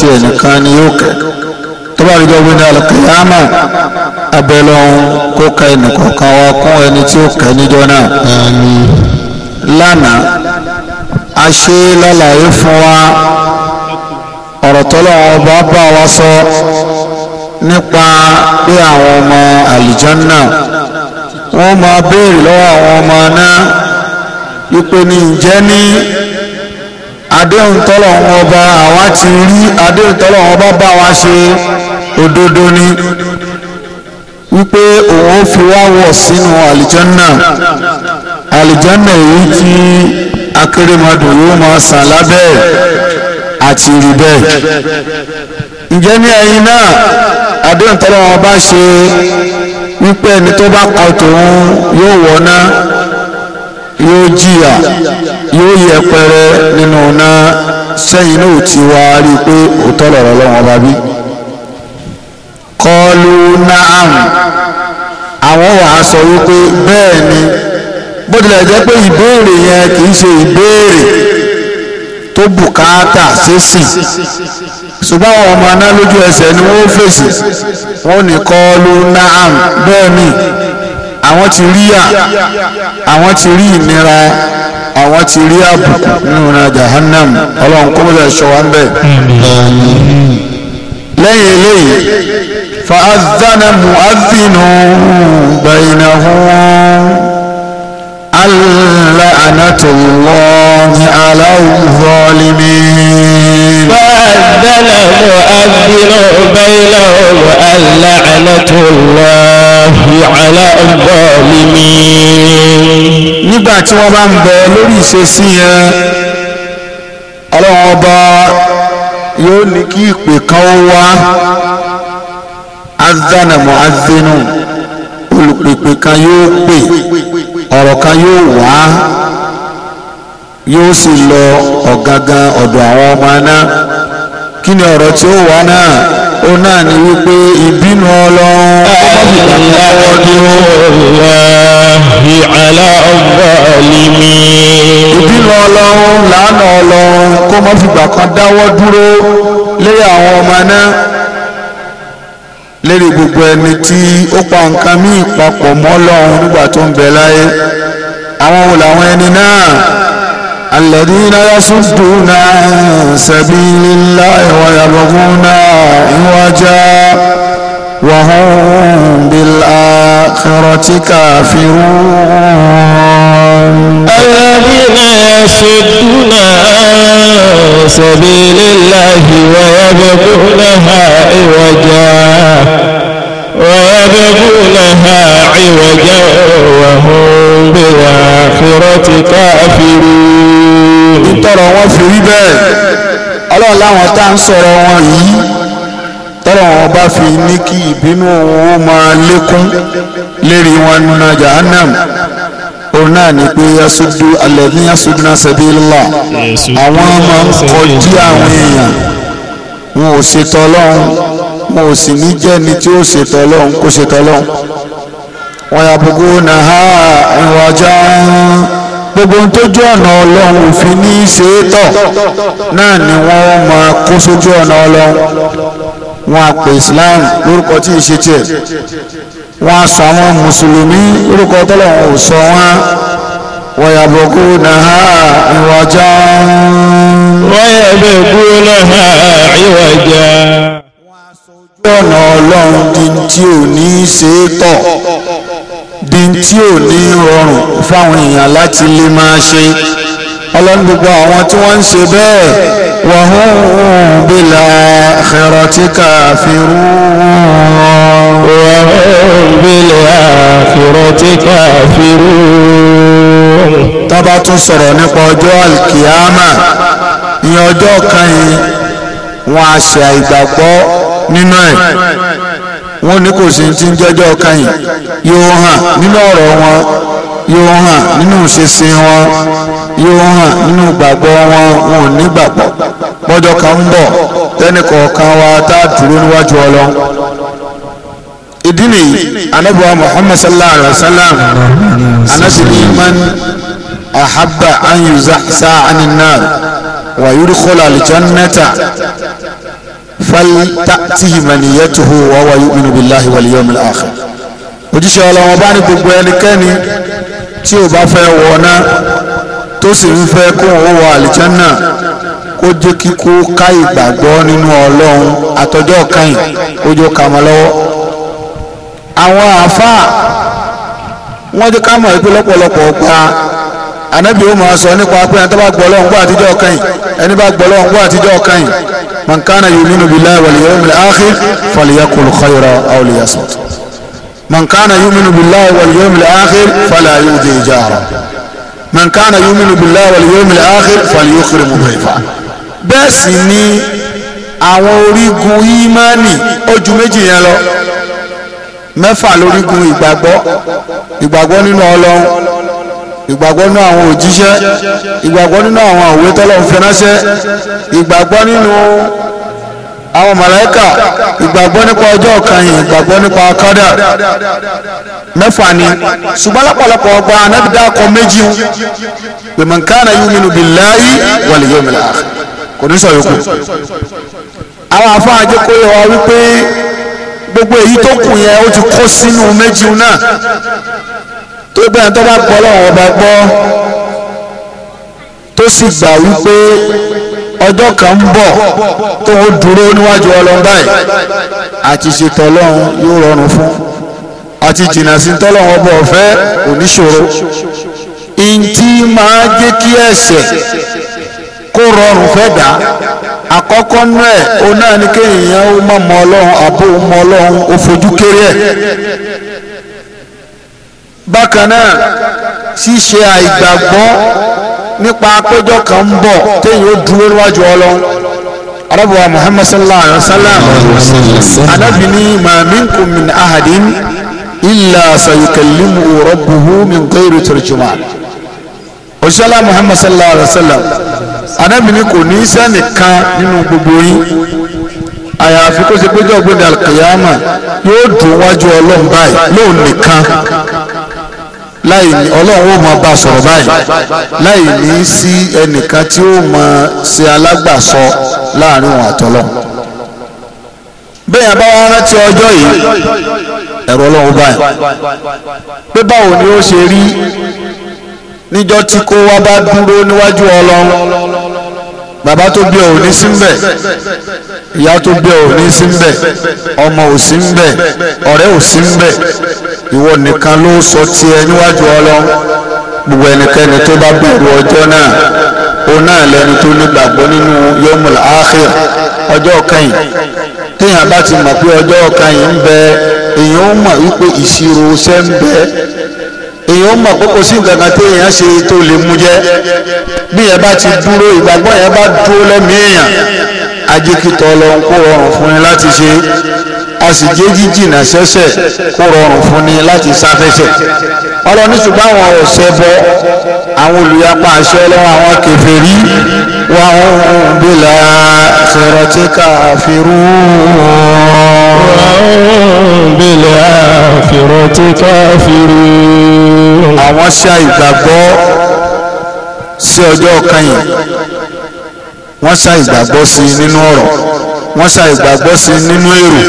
tiẹ̀ nìkan ni yóò kẹ́ tó bá rí gbogbo ní alùpùpù abẹ́lọ́hún kó ka ẹnìkọ̀ọ̀kan wá kún ẹni tí ó kẹ́ níjọ́ náà. lánàá a ṣe lálàyé fún wa ọ̀rọ̀ tọ́lọ́wọ́ bá bá wa sọ nípa bí àwọn ọmọ àlìjánná wọ́n máa béèrè lọ́wọ́ àwọn ọmọ náà wípé ní ìjẹ́ ní àdéhùn tọ́lọ̀ wọn ọba àwa ti rí àdéhùn tọ́lọ̀ wọn ọba bá wa ṣe òdodo ni wípé òun ó fi wá wọ̀ sínú àlìjánná àlìjánná èyí tí akérèmọdò yóò máa sàn lábẹ́ ẹ̀ àti rí bẹ́ẹ̀ ǹjẹ́ ní ẹ̀yin náà àdéhùn tọ́lọ̀ wọn ọba ṣe wípé ẹni tó bá kọ tòun yóò wọ̀ náà yóò jìyà yóò yẹ pẹrẹ nínú náà sẹ́yìn náà ti wá rí i pé òótọ́ lọ̀rọ̀ lọ́wọ́ bá bí. kọlu naam àwọn wàá sọ wípé bẹ́ẹ̀ ni bó tilẹ̀ jẹ́ pé ìbéèrè yẹn kì í ṣe ìbéèrè tó bùkátà ṣèṣì ṣùgbọ́n àwọn ọmọ aná lójú ẹsẹ̀ ni wọ́n fèsì wọ́n ní kọlu naam bẹ́ẹ̀ ni àwọn ti rí à àwọn ti rí ìnira àwọn ti rí àbùkù nínú náà jahannam ọlọ́run kó mọ̀jẹ̀ ṣọ wa ń bẹ̀. lẹ́yìn eléyìí fa azana mu'adhinu bainahum. لعنة الله على الظالمين فأذن مؤذن بينهم اللعنة الله على الظالمين nígbà tí wọ́n bá ń bẹ lórí ìṣesí yẹn ọlọ́run olùpèpè kan yóò pè ọ̀rọ̀ kan yóò wá yóò sì lọ ọ̀gangan ọ̀dọ̀ àwọn ọmọ aná kí ni ọ̀rọ̀ tí ó wá náà ó náà ní wípé ìbínú ọlọ́run ìbínú ọlọ́run làánà ọlọ́run kó má fìgbà kan dáwọ́ dúró lé àwọn ọmọ náà. lérí gbogbo ẹni tí ó pa nǹkan míì papọ̀ mọ́ lọ́hùn nígbà tó ń bẹ láyé àwọn wo làwọn ẹni náà alladhina yasudduna an sabilillahi wa yabghuna iwaja wa hum bil akhirati kafirun. alladhina yasudduna an sabilillahi wa yabghunaha iwaja. وهم بالآخرة كافرون nítorọ̀ wọn fi rí bẹ́ẹ̀ ọlọ́run láwọn tá ń sọ̀rọ̀ wọn yìí tọ́rọ̀ wọn bá fi ní kí ìbínú wọn ó máa lékún lérí wọn nínú jahannam òun náà ni pé yasudu alẹ́ ní yasudu náà sabilillah àwọn máa ń kọjú àwọn èèyàn wọn ò ṣètò ọlọ́run wọn ò sì ní jẹ́ni tí ó ṣètò ọlọ́run kó ṣètò ọlọ́run wọ́n yàbùkú nàá ìwọ̀jọ́ gbogbo ohun tójú ọ̀nà ọlọ́run òfin ní í ṣe é tọ̀ náà ni wọ́n máa kó sójú ọ̀nà ọlọ́run wọ́n á pè Islam lórúkọ tí ì ṣe tiẹ̀ wọ́n á sọ àwọn mùsùlùmí lórúkọ tọ́lọ́run ò sọ wọ́n wọ́n yàbùkú nàá ìwọ̀jọ́. wọ́n yàbùkú nàá ìwọ̀jọ́. wọ́n á sọ ojú ọ̀nà ọlọ́run di tí ò ní í ṣe é tọ̀ di tí ò ní rọrùn fáwọn èèyàn láti lè máa ṣe ọlọ́run gbogbo àwọn tí wọ́n ń ṣe bẹ́ẹ̀ wa hum bil akhirati kafirun. wa hum bil akhirati kafirun. tá bá tún sọ̀rọ̀ nípa ọjọ́ alkiyama ní ọjọ́ kan yìí wọ́n á ṣe àìgbàgbọ́ nínú ẹ̀ wọ́n ní kò sí ti ń jẹ́jọ́ kẹ́yìn yóò hàn nínú ọ̀rọ̀ wọn yóò hàn nínú ìṣesí wọn yóò hàn nínú ìgbàgbọ́ wọn wọn ò ní gbàgbọ́ bọ́jọ́ kan ń bọ̀ tẹ́nìkọ̀ọ̀kan wa tá a dúró níwájú ọlọ́run ìdí nìyí anabuwa muhammad sallallahu alaihi wa sallam anasiri man ahabba an yuza sa'anin wa yurikula aljannata falitatihi maniyatuhu wa huwa yu'minu billahi wal yawmil akhir òjíṣẹ́ ọlọ́wọ́n bá ní gbogbo ẹnikẹ́ni tí ò bá fẹ́ wọná tó sì ń fẹ́ kó òun wọ àlìjánà kó jẹ́ kíkó ká ìgbàgbọ́ nínú ọlọ́run àtọjọ́ kẹyìn ó ká mọ́ lọ́wọ́ àwọn àáfàá wọ́n jẹ́ ká mọ̀ wípé lọ́pọ̀lọpọ̀ gba ànábì ó máa sọ nípa pé ẹni tó bá gbọ́ ọlọ́run gbọ́ àtijọ́ kẹyìn ẹni bá gbọ́ ọlọ́run gbọ́ àtijọ́ kẹyìn man kana yuminu billahi wal yawmil akhir falyakul khayra aw liyasmut man kana yuminu billahi wal yawmil akhir fala yu'di jara man kana yuminu billahi wal yawmil akhir falyukrim dhayfa bẹ́ẹ̀ sì ni àwọn orígun ìmánì ojú méjì yẹn lọ mẹ́fà lórígun ìgbàgbọ́ ìgbàgbọ́ nínú Ọlọ́run ìgbàgbọ́ nínú àwọn òjíṣẹ́ ìgbàgbọ́ nínú àwọn òwe tọ́lọ́ fi ránṣẹ́ ìgbàgbọ́ nínú àwọn màláíkà ìgbàgbọ́ nípa ọjọ́ kanyìn ìgbàgbọ́ nípa kádà mẹ́fà ni ṣùgbọ́n lápapọ̀ ọgbà anábìdá akọ méjì ń pè man kana yuminu billahi wal yawmil akhir kò ní sọ̀rọ̀ kù àwọn àfáà jẹ́ wípé gbogbo èyí tó kù yẹn ó ti kó sínú méjì náà tó bẹ́ẹ̀ tó bá gbọ́ lọ́wọ́ ọba gbọ́ tó sì gbà wípé ọjọ́ kan ń bọ̀ tó ń dúró níwájú ọlọ́run báyìí àti ṣètò ọlọ́run yóò rọrùn fún àti jìnnà sí tọ́lọ́run ọba ọ̀fẹ́ oníṣòro ìntì máa jẹ́ kí ẹ̀ṣẹ̀ kó rọrùn fẹ́ dà àkọ́kọ́ nú ẹ̀ náà ní kéèyàn ó má mọ ọlọ́run àbó mọ ọlọ́run ó fojú kéré ẹ̀. bákan náà ṣíṣe àìgbàgbọ́ nípa àpéjọ kan ń bọ̀ téèyàn ó dúró níwájú ọlọ́run arábùwà muhammad sallallahu alayhi wa sallam anábì ní ma minkum min ahadin illa sayukallimu rabbuhu min ghayri turjuman òṣìṣẹ́lá muhammad sallallahu alayhi wa sallam anábì ní kò ní sẹ́nìkan nínú gbogbo yín àyàfi kó ṣe péjọ gbẹdẹ alkiyama yóò dùn wájú ọlọ́run báyìí lóun nìkan láì ní ọlọ́run ó máa bá sọ̀rọ̀ báyìí láì ní sí ẹnìkan tí ó máa ṣe alágbàsọ láàrin òun àtọ́lọ́ bẹ́ẹ̀ yẹn bá rántí ọjọ́ yìí ẹ̀rọ ọlọ́run báyìí pé báwo ni ó ṣe rí níjọ́ tí kó wá bá dúró ọ ní ọ ní ìwọ nìkan ló sọ tiẹ̀ níwájú ọlọ́run gbogbo ẹnikẹ́ni tó bá bẹ̀rù ọjọ́ náà òun náà lẹni tó nígbàgbọ́ nínú yomul akhir ọjọ́ kẹyìn téèyàn bá ti mọ̀ pé ọjọ́ kẹyìn ń bẹ èèyàn ó mọ̀ wípé ìṣirò ṣẹ́ ń bẹ èèyàn ó mọ̀ pé sí nǹkan téèyàn ṣe tó lè mú jẹ́ bí yẹn bá ti dúró ìgbàgbọ́ yẹn bá dúró lẹ́mìí èèyàn ajé kó rọrùn fún yín láti ṣe a sì jẹ́ jíjìnà sẹ́sẹ̀ kó rọrùn fún ni láti sáfẹ́sẹ̀ ọlọ́ ní ṣùgbọ́n àwọn ọ̀sẹ̀ bọ àwọn olùyapa àṣẹ ọlọ́wọ́ àwọn kèfèrí wa hum bil akhirati kafirun wa hum bil akhirati kafirun àwọn ṣe àìgbàgbọ́ sí ọjọ́ kanyìn wọ́n ṣàìgbàgbọ́ sí nínú ọ̀rọ̀ wọ́n ṣàìgbàgbọ́ sí nínú èrò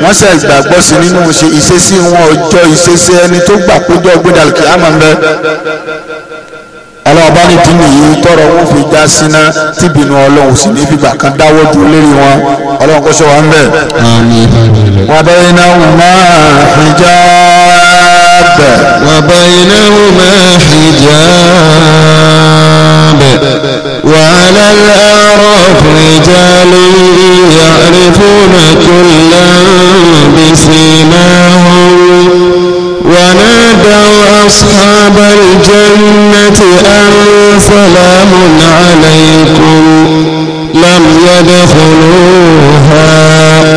wọ́n ṣe ìgbàgbọ́ sí nínú ṣe ìṣesí wọn ọjọ́ ìṣesí ẹni tó gbà péjọ gbẹdà kí á máa ń bẹ. ọlọ́ọ̀bá ní nìyí tọrọ wọn fi já síná tíbinú ọlọ́run sì ní fìgbà kan dáwọ́ dúró lérí wọn ọlọ́run kó ṣe wà ń bẹ̀. وبينهما حجاب وبينهما حجاب وعلى الأعراف رجال يعرفون كلا بسيماهم ونادوا أصحاب الجنة أن سلام عليكم لم يدخلوها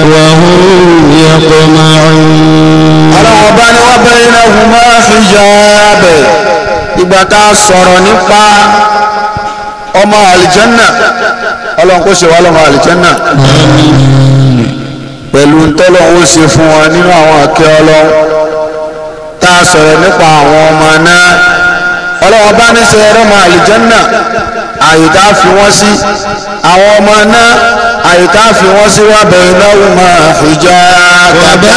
وهم يطمعون الأربان وبينهما حجاب إبقى الصرنقة ọmọ àlìjẹ́nà ọlọ́run kó ṣe wá lọ́mọ àlìjẹ́nà pẹ̀lú tọ́lọ́run ó ṣe fún wọn nínú àwọn àkẹ́ ọlọ́run tá a sọ̀rọ̀ nípa àwọn ọmọ náà ọlọ́wọ́ bá ní sẹ ẹrọ mọ àlìjánná àyè tá a fi wọ́n sí àwọn ọmọ náà àyè tá a fi wọ́n sí wà bẹ̀rẹ̀ náà máa fìjà kàdá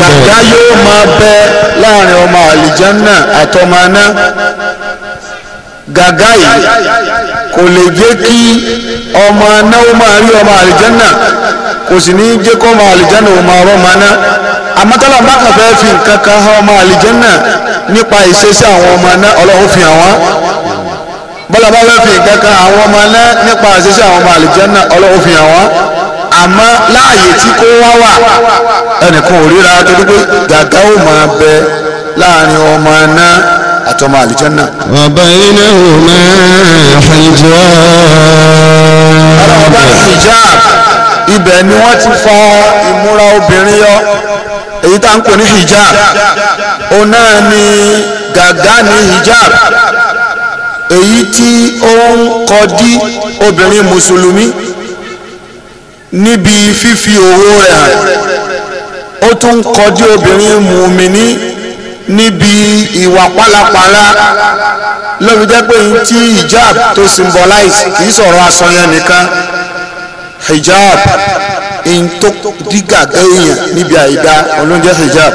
kàdá yóò máa bẹ láàrin ọmọ àlìjánná àtọmọ náà gàgá yìí kò lè jẹ́ kí ọmọ náà ó máa rí ọmọ àlìjánná kò sì ní jẹ́ kó ọmọ àlìjánná ó máa rọ́ ọmọ náà àmọ́tọ́lá bá kàn fẹ́ fi nǹkan kan hàn ọmọ àlìjẹ́nà nípa ìṣesí àwọn ọmọ náà ọlọ́run fi hàn wọ́n bọ́lá bá fẹ́ fi nǹkan kan àwọn ọmọ náà nípa ìṣesí àwọn ọmọ àlìjẹ́nà ọlọ́run fi hàn wọ́n àmọ́ láàyè tí kò wá wà ẹnìkan ò ríra torí pé gàgá ò máa bẹ láàrin ọmọ náà àtọmọ àlìjẹ́nà. ọba iná ò máa hijab. ọlọ́run bá ibẹ̀ ni wọ́n ti fa ìmúra obìnrin yọ èyí tá à ń kó ní hijab òun náà ni gàgá ní hijab èyí tí ó ń kọdí obìnrin mùsùlùmí níbi fífi òwò rẹ̀ hàn ó tún kọdí obìnrin mùmíní níbi ìwà pálapàla lóbi jẹ́ pé tí hijab tó symbolize kì í sọ̀rọ̀ aṣọ yẹn nìkan hijab. hijab ntó di gàgé èèyàn níbi àìdá olóúnjẹ hijab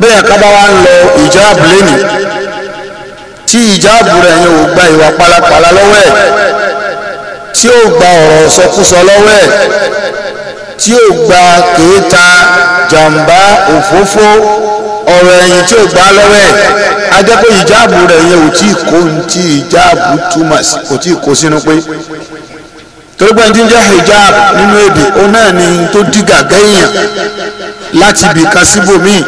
bẹ́ẹ̀ kábà wá ń lọ hijab lẹ́nu tí hijab rẹ̀ yẹn ò gba ìwà pálapàla lọ́wọ́ ẹ̀ tí ó gba ọ̀rọ̀ sọkúsọ lọ́wọ́ ẹ̀ tí ó gba kéèta jàǹbá òfófó ọ̀rọ̀ ẹ̀yìn tí ó gbá lọ́wọ́ ẹ̀ ajẹ́pẹ́ ìjáàbù rẹ̀ yẹn ò tí ì kó ní tí ìjáàbù túmọ̀ sí kò tí ì sínú pé torí pé ẹni jẹ́ hijab nínú èdè ó náà ni tó dí gàgá èèyàn láti ibì kan síbòmíì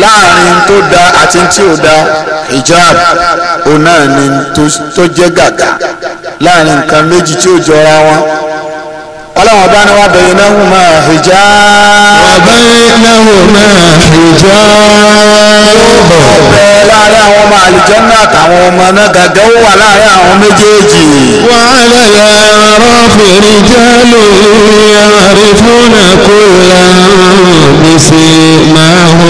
láàrin tó da àti tí ò da hijab ó náà ni tó jẹ́ gàgá láàrin nǹkan méjì tí ò jọra wọn ọlọ́wọ́ bá ní wà bẹ̀yìn náà hùmà hìjá. ọ̀bẹ náà hùmà hìjá. ọbẹ̀ láàrin àwọn ọmọ àlùjànnà àtàwọn ọmọ náà gàgà ó wà láàrin àwọn méjèèjì. wà á lè yà rọ́ọ̀fì rìjálù yàrá fún àkóyà gbèsè máa hù.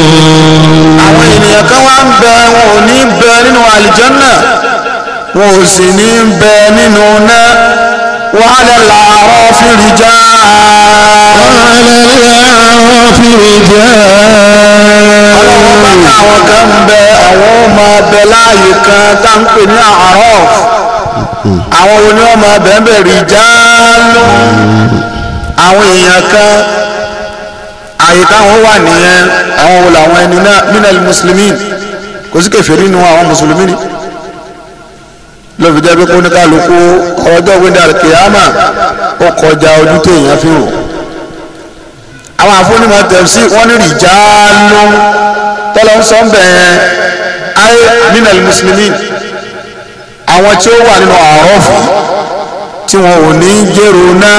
àwọn ènìyàn kan wá ń bẹ wọn ò ní bẹ nínú àlùjànnà wọn ò sì ní bẹ nínú náà. وعلى الأعراف رجال وعلى الأعراف رجال ọlọ́wọ́ bá ní àwọn kan ń bẹ àwọn ọmọ abẹ láàyè kan tá ń pè ní àárọ̀ àwọn oníwọ̀n abẹ ń bẹ rí jáálù àwọn èèyàn kan àyè táwọn wà nìyẹn àwọn wo làwọn ẹni náà mínà mùsùlùmí kò sí kèfèrí nínú àwọn mùsùlùmí ni ló fi jẹ́ pé kó ní kálukú ọjọ́ gbé dàrú kìámà ó kọjá ojú téèyàn fi wò àwọn àfúnimọ̀ tẹ̀sí wọ́n ní rìjálú tọ́lọ́ ń sọ ń bẹ̀ yẹn ayé nínú mùsùlùmí àwọn tí ó wà nínú àrọ́fù tí wọn ò ní jẹ́rò náà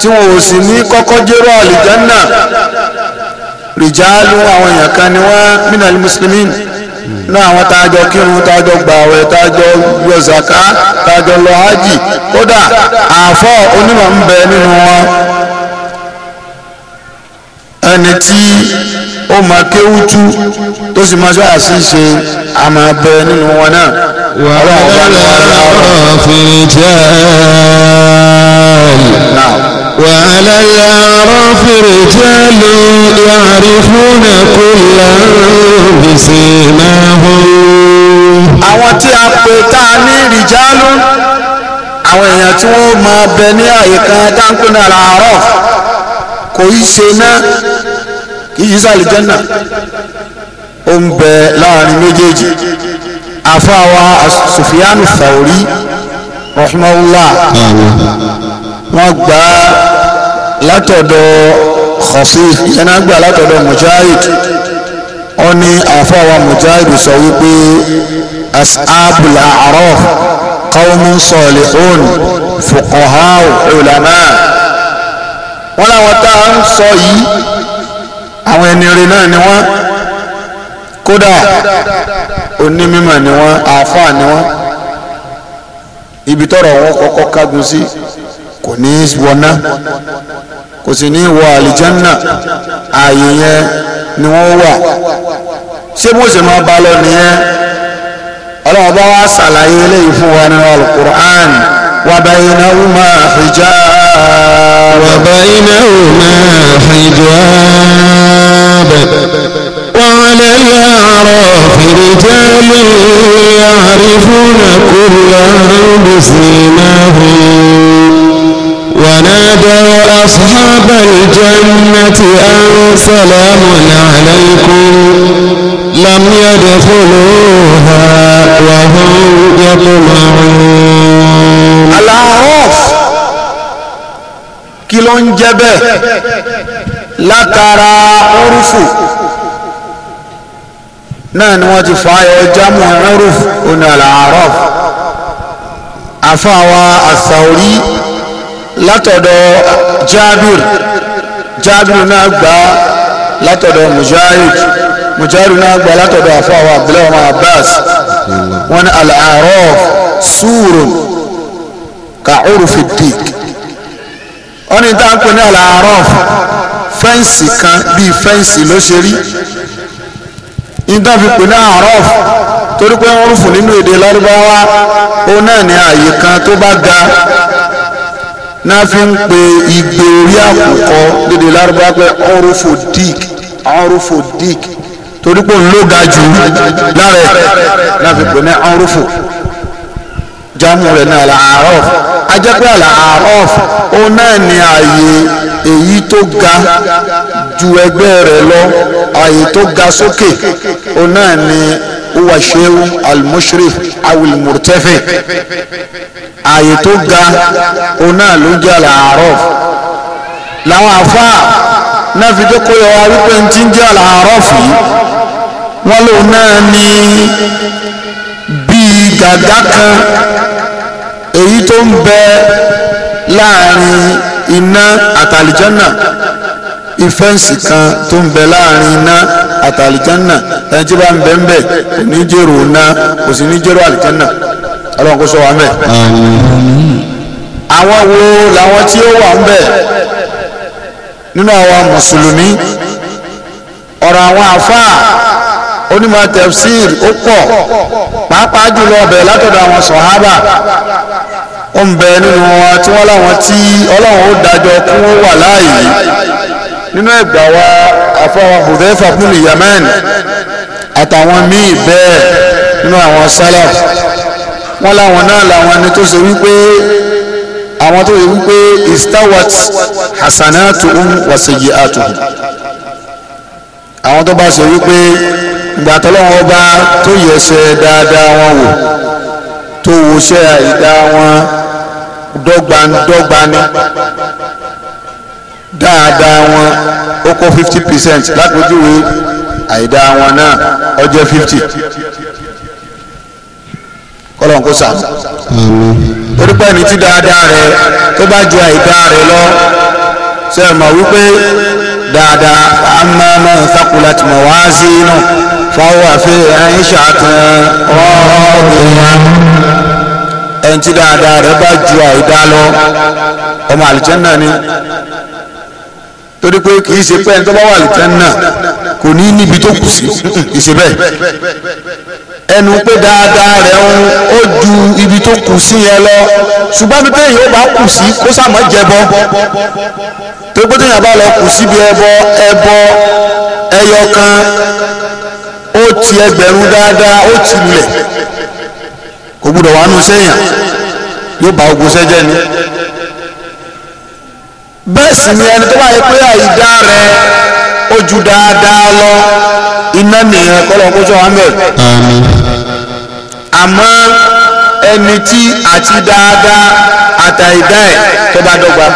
tí wọn ò sì ní kọ́kọ́ jẹ́rò àlìjánná rìjálú àwọn èèyàn kan ni wọ́n nínú mùsùlùmí. náà àwọn tájọ kírun tájọ gbààwẹ̀ tájọ yọzaka zaka tájọ lọ hajj kódà àfọ onímọ̀ ń bẹ nínú wọn ẹni tí ó máa kéwú tó sì máa ṣe àṣìṣe àmọ́ bẹ nínú wọn náà. wàhálà ọ̀rọ̀ fìjà wàhálà ọ̀rọ̀ fìjà. سيماهم àwọn tí a pè tá a ní rìjálù àwọn èèyàn tí wọ́n máa bẹ ní àyíká dáńpé náà làárọ̀ kò í ṣe náà kì í ṣe àlìjẹ́nà ó ń bẹ láàrin méjèèjì àfáwa Sufyanu Thawri rahimahullah wọ́n gbà látọ̀dọ̀ Khafif yẹn náà gbà látọ̀dọ̀ Mujahid ó ní àfọwà mujahid sọ wípé ashabul a'raf qawmun salihun fuqaha ulama wọn làwọn tá à ń sọ yìí àwọn ẹni rere náà ni wọn kódà onímọ̀ ni wọn àáfàá ni wọn ibi tọrọ wọn kọ́kọ́ kágun sí kò ní í wọná kò sì ní wọ àlìjánná ààyè yẹn ni wọ́n wà ṣé bó ṣe máa bá lọ nìyẹn ọlọ́run bá wá ṣàlàyé eléyìí fún wa nínú alukur'an wa baynahuma hijab. wa baynahuma hijab. وعلى الأعراف رجال يعرفون كلا بسيماهم ونادوا أصحاب الجنة أن سلام عليكم لم يدخلوها وهم يطمعون الأعراف kí ló ń jẹ́ bẹ́ẹ̀ látara orúfù náà ni wọ́n ti fa ayọ̀ jámù orúfù oní àlàárọ̀ àfáwa àsàórí látọ̀dọ̀ Jabir Jabir náà gbà látọ̀dọ̀ Mujahid Mujahid náà gbà látọ̀dọ̀ àfọwọ́ Abdullahi ọmọ Abbas wọn ni al-a'raf surun ka urfi dik wọn ni táǹkù ní al-a'raf fẹ́ǹsì kan bíi fẹ́ǹsì ló ṣe rí ìdáfi pè ní àárọ̀f torí pé wọ́n rúfù nínú èdè lárúbáwá ó náà ní ààyè kan tó bá ga náà fi ń pe igbe orí àkùkọ lédè lárúbá pé ọrùfò dik ọrùfò dik torí pé ló ga jù lára ẹ náà fi pè ní ọrùfò jámù rẹ náà làárọ̀ ajẹ́pẹ́ àlàárọ̀ ó náà ní ààyè èyí tó ga ju ẹgbẹ́ rẹ̀ lọ ààyè tó ga sókè ó náà ní huwa sheu al ààyè tó ga òun náà ló jẹ́ al-A'raf làwọn àfáà náà fi jẹ́ kó yọ wá wípé ń ti ń jẹ́ al-A'raf yìí wọ́n lòun náà ní bíi gàgá kan èyí tó ń bẹ láàrin iná àtàlìjọ́nà ìfẹ́ǹsì kan tó ń bẹ láàrin iná àtàlìjọ́nà ẹni tí bá ń bẹ ń bẹ kò ní jèrò iná kò sì ní jèrò àlìjọ́nà ọlọ́run kó sọ wa mẹ́. àwọn wo làwọn tí ó wà ń bẹ̀ nínú àwọn mùsùlùmí ọ̀rọ̀ àwọn àfáà onímọ̀ tẹ̀fsíìr ó pọ̀ pàápàá jùlọ ọbẹ̀ látọ̀dọ̀ àwọn sọ̀hábà ó ń bẹ nínú wọn tí wọ́n láwọn tí ọlọ́run ó dájọ́ kí wọ́n wà láàyè nínú ẹ̀gbà wa àfọwọ́ Hudhayfa ibn Yaman àtàwọn míì bẹ́ẹ̀ nínú àwọn sálàf wọ́n láwọn náà làwọn ẹni tó ṣe wípé àwọn tó ṣe wípé istawat hasanatuhum wa sayyi'atuhum àwọn tó bá ṣe wípé ìgbà tọ́lọ́wọ́n bá tó yẹsẹ̀ dáadáa wọn wò tó wòṣẹ́ àìdá wọn dọ́gba dáadáa wọn ó kó fifty percent lápòjúwe àìdá wọn náà ó fifty kọ́lọ́n kó sà. torí pé ẹni tí dáadáa rẹ tó bá ju àìdá rẹ lọ ṣe é mọ̀ wípé dáadáa amma man thaqulat mawazinuhu fahuwa fi 'ishatin radiyah ẹni tí dáadáa rẹ bá ju àìdá lọ ọmọ àlùjánnà ni torí kì í ṣe pé ẹni tó bá wà àlùjánnà kò ní níbi tó kù sí ìṣe bẹ́ẹ̀ ẹnu pé dáadáa rẹ̀ ń ó ju ibi tó kù sí yẹn lọ ṣùgbọ́n bí téèyàn ó bá kù sí kó sàmọ́ jẹbọ tó gbé téèyàn bá lọ kù síbi ẹbọ ẹbọ ẹyọ kan ó ti ẹgbẹ̀rún dáadáa ó ti lẹ̀ kò gbúdọ̀ wà nù sẹ́yìn yóò bá ogun sẹ́jẹ́ ni bẹ́ẹ̀ sì ni ẹni tó bá yẹ pé àìdá rẹ̀ ó ju dáadáa lọ iná nìyẹn kọ́lọ́ kó sọ wá àmọ́ ẹni tí àti dáadáa àtàìdá ẹ̀ tó bá dọ́gba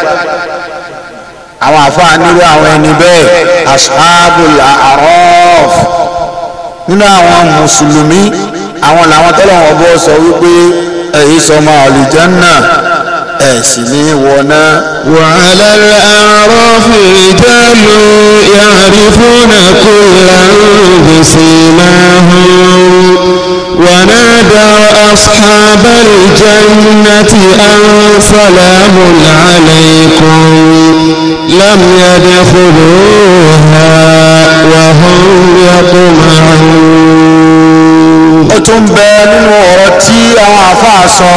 àwọn àfáà nírú àwọn ẹni bẹ́ẹ̀ ashabul a'raf nínú àwọn mùsùlùmí àwọn làwọn tọ́lọ̀wọ̀n bọ́ sọ wípé èyí sọmọ àlùjànnà ẹ̀ sì ní wọná. wa 'ala al-a'rafi rijalun ya'rifuna kullan bi simahum. ونادى أصحاب الجنة أن سلام عليكم لم يدخلوها وهم يطمعون ó tún bẹ nínú ọ̀rọ̀ tí àwọn àfáà sọ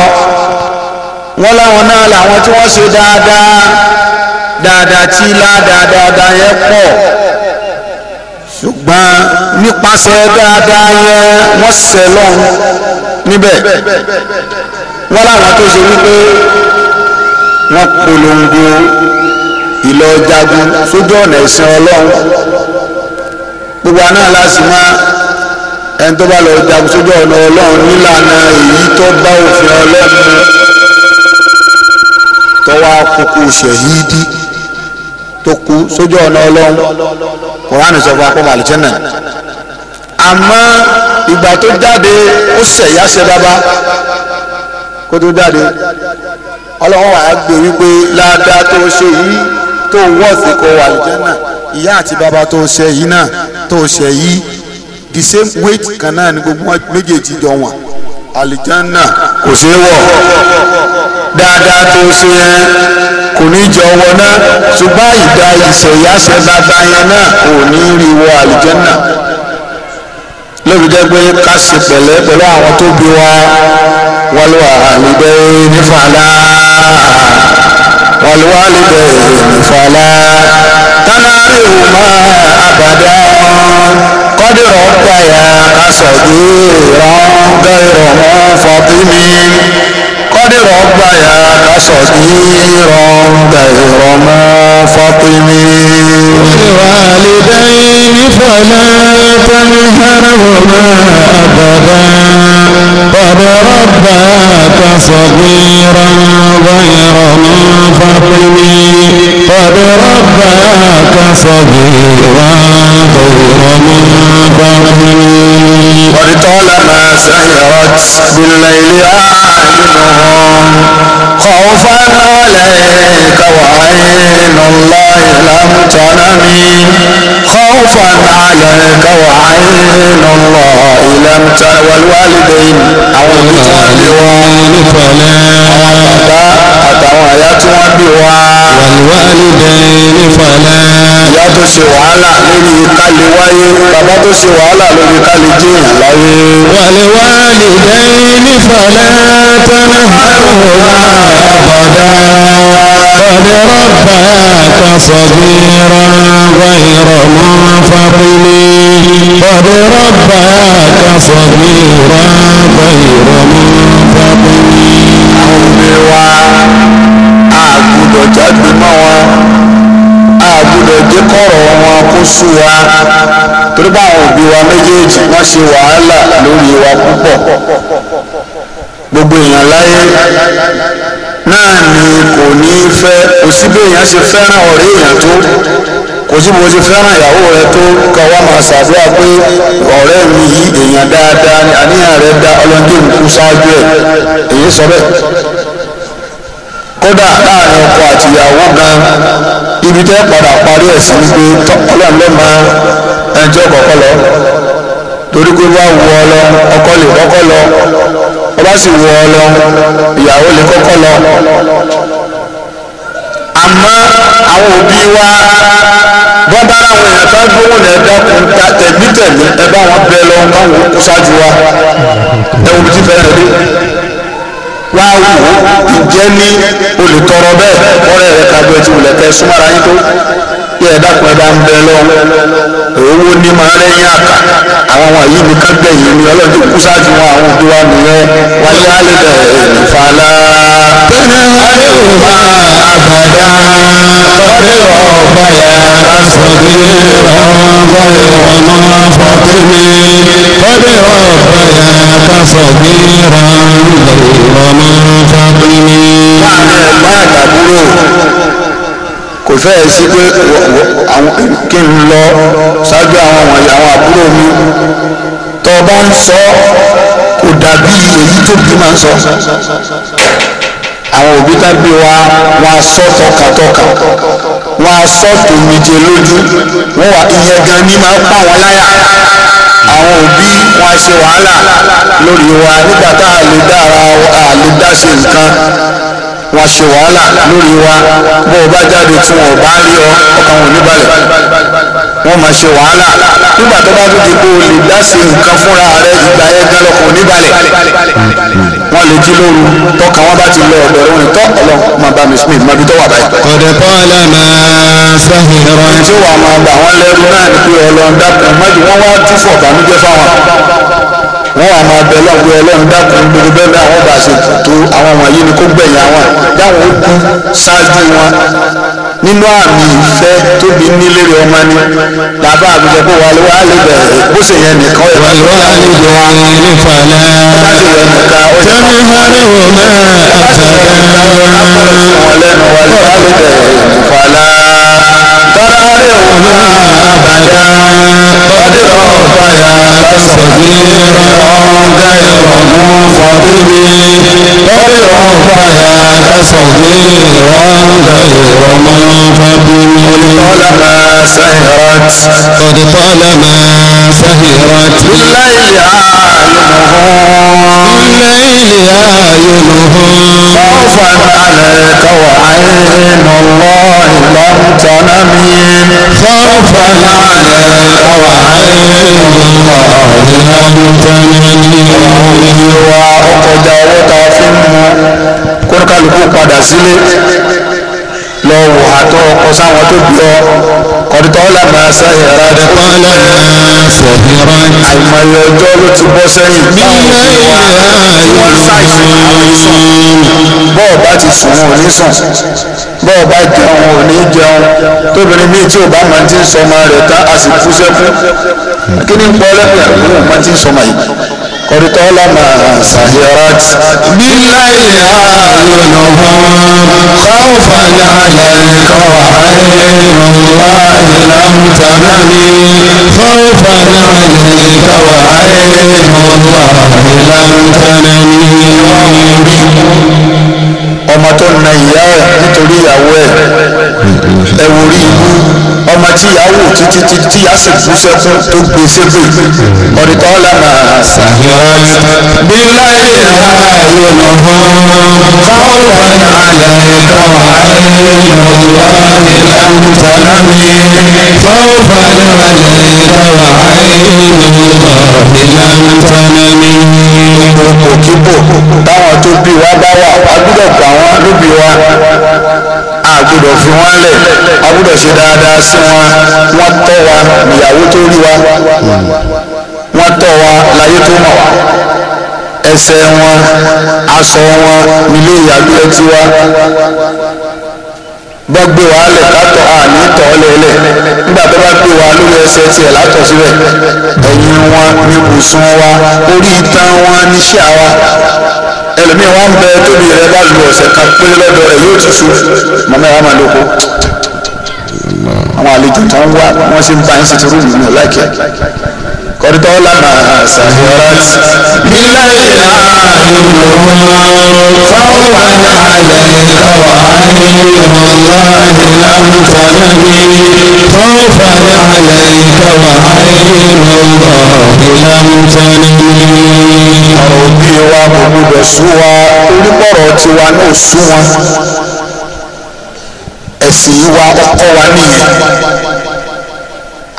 wọ́n láwọn náà làwọn tí wọ́n ṣe dáadáa dáadáa tí ládàá dáadáa yẹn pọ̀ ṣùgbọ́n nípasẹ̀ dáadáa yẹn wọ́n sẹ̀ lọ́hùn níbẹ̀ wọ́n láwọn tó ṣe wípé wọ́n polongo ìlọ jagun sójú ọ̀nà ẹ̀sìn ọlọ́run gbogbo àná láti máa ẹni tó bá lọ jagun sójú ọ̀nà ọlọ́run nílànà èyí tó bá òfin ọlọ́run tọ́wọ́ àkókò ṣẹ̀hídìí tó kú sójú ọ̀nà ọlọ́run kòránù sọ fún akọ́mọ àlùjẹ́nà àmọ́ ìgbà tó jáde ó sẹ̀yà ṣe bàbá kó tó jáde ọlọ́run wà á gbé wípé ládàá tó ṣe yìí tó wọ́ọ̀sì kó àlùjẹ́nà ìyá àti bàbá tó ṣe yìí náà tó ṣe yìí the same weight kan náà ni gbogbo méjèèjì jọ wọn àlùjẹ́nà kò ṣeé wọ̀ dáadáa tó ṣe yẹn kò ní jọ wọ náà ṣùgbọ́n ìdá ìṣẹ̀yàṣẹ̀ bàbá yẹn náà kò ní rí wọ àlùjànnà lórí jẹ́ pé ká ṣe pẹ̀lẹ́ pẹ̀lú àwọn tó bí wa wàlúwà àlùbẹ́ nífàlà wàlúwà àlùbẹ́ nífàlà tánáàrí òmà àbàdà kọ́dìrọ̀ ọ̀pá yà kásọ̀dé rán gẹ́rọ̀ mọ́ fọ́tímì. فقد ربياك صغيرا غير ما فطم والدين فلا تنهرهما أبدا قد رباك صغيرا غير ما فطم قد رباك صغيرا غير ما فطم قد طالما سيرت بالليل أعينهم خوفا عليك وعين الله لم تنم خوفا عليك وعين الله لم تنم والوالدين أو الوالدين فلا tí wọ́n bí wa. wàlúwàlúdẹ́ni fàlà. ìyá tó ṣe wàhálà lórí ká lè wáyé bàbá tó ṣe wàhálà lórí ká lè jẹ́yàn láyé. wàlúwàlúdẹ́ni fàlà tánà àrùnwá àbọ̀dá. ọ̀dẹ rọ́bà kọ̀sọ̀gbìnrán wáyìrọ̀ mọ́ fábílì. ọ̀dẹ rọ́bà kọ̀sọ̀gbìnrán wáyìrọ̀ mọ́ fábílì. àwọn òbí wa gbúdọ̀ jágbe mọ́ wọn a gbúdọ̀ jẹ́ kọ̀rọ̀ wọn kó sú wa torí bá òbí wa méjèèjì wọ́n ṣe wàhálà lórí wa púpọ̀ gbogbo èèyàn láyé náà ni kò ní í fẹ́ kò sí bí èèyàn ṣe fẹ́ràn ọ̀rẹ́ èèyàn tó kò sí bó ṣe fẹ́ràn ìyàwó rẹ tó kọ wá máa ṣàdúrà pé ọ̀rẹ́ mi yí èèyàn dáadáa àníyàn rẹ dá ọlọ́dún kú ṣáájú ẹ̀ èyí sọ bẹ́ẹ̀ kódà láàrin ọkọ àti ìyàwó gan ibi tẹ́ padà parí ẹ̀ sí wípé ọlọ́run ló máa ẹjọ́ kọ̀ọ̀kan lọ torí pé wá wọ ọ lọ ọkọ lè kọ́kọ́ lọ ọba sì wọ ọ lọ ìyàwó lè kọ́kọ́ lọ àmọ́ àwọn òbí wa bọ́dá àwọn èèyàn tó ń gbóhùn ní ẹ̀dá kún ta tẹ̀mítẹ̀mí ẹ bá wọn bẹ lọ káwọn kó ṣáájú wa ẹ wo bí ti fẹ́ràn dé wá wò ó ìjẹ́ ní olùtọrọ bẹ́ẹ̀ ọ̀rẹ́ rẹ̀ kájọ ti wulẹ̀ kẹ́ súnmọ́ra yín tó bí ẹ̀dá kan ẹ̀dá ń bẹ lọ owó ní máa rẹ́yìn àkà àwọn wọ̀nyí ní kágbẹ̀yìn ni ọlọ́dún kú sáájú wọn àwọn òbí wa nìyẹn wáyé alẹ́ ìfàlà. tẹ́lẹ̀ ayé ò àbàdà ọ̀rẹ́ ọ̀bà yà sọ̀dí ọ̀bà yà ọ̀nà fọ̀tẹ́mi ọ̀rẹ́ ọ̀bà yà. صغيرا غير منتقم kò fẹ́ẹ̀ sí pé kí n lọ ṣáájú àwọn àwọn àbúrò mi tó bá ń sọ kò dàbí èyí tó bí máa ń sọ àwọn òbí tábí wa wọn sọ tọkàtọkà wọn sọ tòmìjẹ lójú wọn wà ìyẹn gan ni máa ń pa wọn láyà àwọn òbí wọn á ṣe wàhálà lórí wa nígbà tá a lè dára a lè dá ṣe nǹkan wọn ṣe wàhálà lórí wa bó o bá jáde tí wọn ò bá rí ọ ọkàn wọn ò ní balẹ̀ wọ́n máa ṣe wàhálà nígbà tó bá tún ti kó o lè dá sí nǹkan fúnra rẹ ìgbà yẹn gan lọkùn níbalẹ̀ wọ́n lè jí lóru tọ́ka wọn bá ti lọ ọ̀dọ̀ ìròyìn tọ́ ọ̀lọ́ máa bá mi smith máa bí tọ́ wà báyìí. ọ̀dẹ̀ pọ́ọ̀lá máa sáhìn rọ. tí wàá máa bà wọ́n lẹ́rú náà ni pé ọlọ́run dákun mọ́jú wọ́n wá tún fọ̀ bànújẹ́ fáwọn wọ́n wà máa bẹ lọ́gbọ́ ọlọ́run dákun gbogbo bẹ́ẹ̀ bí àwọn bá ni kó gbẹ̀yìn àwọn dáwọn ó nínú àmì ìfẹ́ tóbi nílé ọmọ ni làbá àbújá kó wà lọ́wọ́ àlè bẹ̀rẹ̀ bó ṣe yẹn nìkan ẹ̀ wọ́n lọ́wọ́ àlè jọ àwọn ilé falẹ̀. tẹ́lẹ̀ hàlẹ́ wò máa àtàkà. kọ́ra rẹ̀ wò máa àbàdà. قدرك صغيرا غير منفضل قدرك صغيرا غير منفضل طالما سهرت قد طالما سهرت بالليل أعينهم بالليل أعينهم خوفا عليك وعين الله لم تنم خوفا عليك وعين الله لم تنم وعقد وقف كركل لكو قد lọ wò àtọ ọkọ sáwọn tó bí ọ kọdítọ làmà sáyà rárá kọ làmà fọdúrà àìmọye ọjọ́ ló ti bọ́ sẹ́yìn báwọn ti wà wọn ṣàìsàn bọ́ọ̀ bá ti sùn wọn ò ní sùn bọ́ọ̀ bá jẹun wọn ò ní jẹun tóbìnrin bíi tí ò bá máa ti ń sọmọ rẹ̀ ká a sì fúnṣẹ́ fún kí ni pọ́ọ́lẹ́pẹ̀ àgbẹ̀wò máa ti ń sọmọ yìí kọ́rítọ́lá máa ṣàyẹ̀rọ̀t. bíláì àlùlọ́hún káwọ́fà lálẹ́ kọ́wà ayélujára lámùtàmání káwọ́fà lálẹ́ kọ́wà ayélujára lámùtàmání. ọmọ tó na ìyá ẹ nítorí ìyàwó ẹ ẹ wò rí ibú ọmọ tí ìyá wò títí tí ìyá sì bú sẹ́kún tó gbé ségbè ọ̀rẹ́ tó ọ̀la máa sàyọ́lá bí láyé ààyè lọ́hún káwọn àlẹ́ kan ààyè lọ́wọ́ ìlànà mi káwọn àlẹ́ kan ààyè lọ́wọ́ ìlànà mi. òkè bò táwọn tó bí wa bá wà á gbọ́dọ̀ gbà wọ́n lóbi wa. àgbọ́dọ̀ fi wọ́n lẹ̀ ṣe dáadáa sí wọn wọn wa ìyàwó tó rí wa wọ́n wa láyé tó wọn aṣọ wọn nílé ìyàgbẹ́ tiwa gbọ́gbé wa lẹ̀ látọ̀ àní tọ̀ ọ́ lẹ́lẹ̀ nígbà tó bá gbé wa lórí wọn wa orí itan wọn wa. ẹlòmíì wọn bẹ tóbi rẹ bá lu ọ̀sẹ̀ kan péré lọ́dọ̀ rẹ yóò ti so màmá ẹ wà máa lóko àwọn àlejò tó ń wá wọn sì ń bá yín sí ti rúùmù náà láìkẹ́ kọ́rítọ́ lànà sàfihàn nílẹ̀ ìlà ìlú fáwọn àlẹ́ ìkọ̀wá ní ìmọ̀lá ìlànà tọ́lẹ́bí fáwọn àlẹ́ ìkọ̀wá ní ìmọ̀lá ìlànà tọ́lẹ́bí ọ̀rọ̀ òbí wa kò gbọdọ̀ sú wa onígbọ̀rọ̀ tiwa náà sú wọn ẹ̀sìn wa ọkọ wa nìyẹn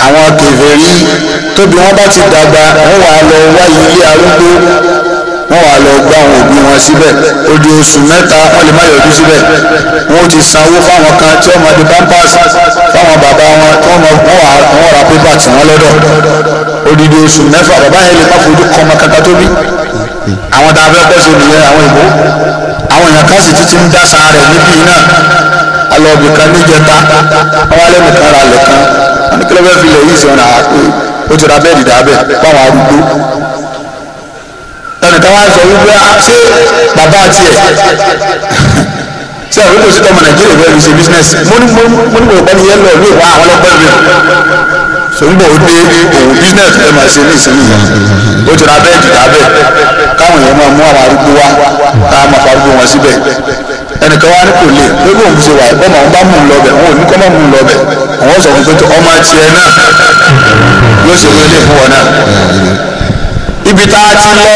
àwọn kèfèrí tóbi wọn bá ti dàgbà wọn wà lọ wá ilé arúgbó wọn wà lọ gbá àwọn òbí wọn síbẹ̀ odi oṣù mẹ́ta wọn lè má yọjú síbẹ̀ wọn ò ti sanwó fáwọn kan tí wọn máa di pampers fáwọn bàbá wọn tí wọn wà wọn ra pépà tí wọn lọ́dọ̀ odidi oṣù mẹ́fà bàbá yẹn lè má fojú kọ ọmọ kankan tó bí àwọn tá a fẹ́ kọ́ sí nìyẹn àwọn ìbò àwọn èèyàn kan sì ti ti ń dá sáà rẹ̀ níbí náà alọ́ọ̀bì kan níjẹta àwọn alẹ́ nìkan ra lẹ̀ kan wọn ní kí ló fẹ́ fi lẹ̀ yìí sọ̀rọ̀ náà ó ti ra bẹ́ẹ̀ dìda bẹ́ẹ̀ báwọn arúgbó ẹnìkan wá sọ wípé ṣé bàbá tiẹ̀ ṣé àwọn olùkọ́sí ọmọ nàìjíríà bẹ́ẹ̀ ní ṣe bísínẹ́sì mo ní mo ní mo ní yẹn lọ ní ìwà àwọn ọlọ́pàá mi sọ̀rọ̀ ó dé òun business ẹ̀ máa ṣe ní ìsinmi yẹn ó ti ra bẹ́ẹ̀dì dábẹ́ káwọn èèyàn máa mú àwọn arúgbó wá ká máa fa arúgbó wọn síbẹ̀ ẹnìkan wá ní kò lè pé kó òun ṣe wà ẹ̀kọ́ màá bá mú un lọ bẹ̀ wọn ò ní kọ́ mọ́ mú un lọ bẹ̀ àwọn sọ̀rọ̀ pé ọmọ tiẹ̀ náà yóò ṣe wọlé fún wọn náà ibi tá a ti lọ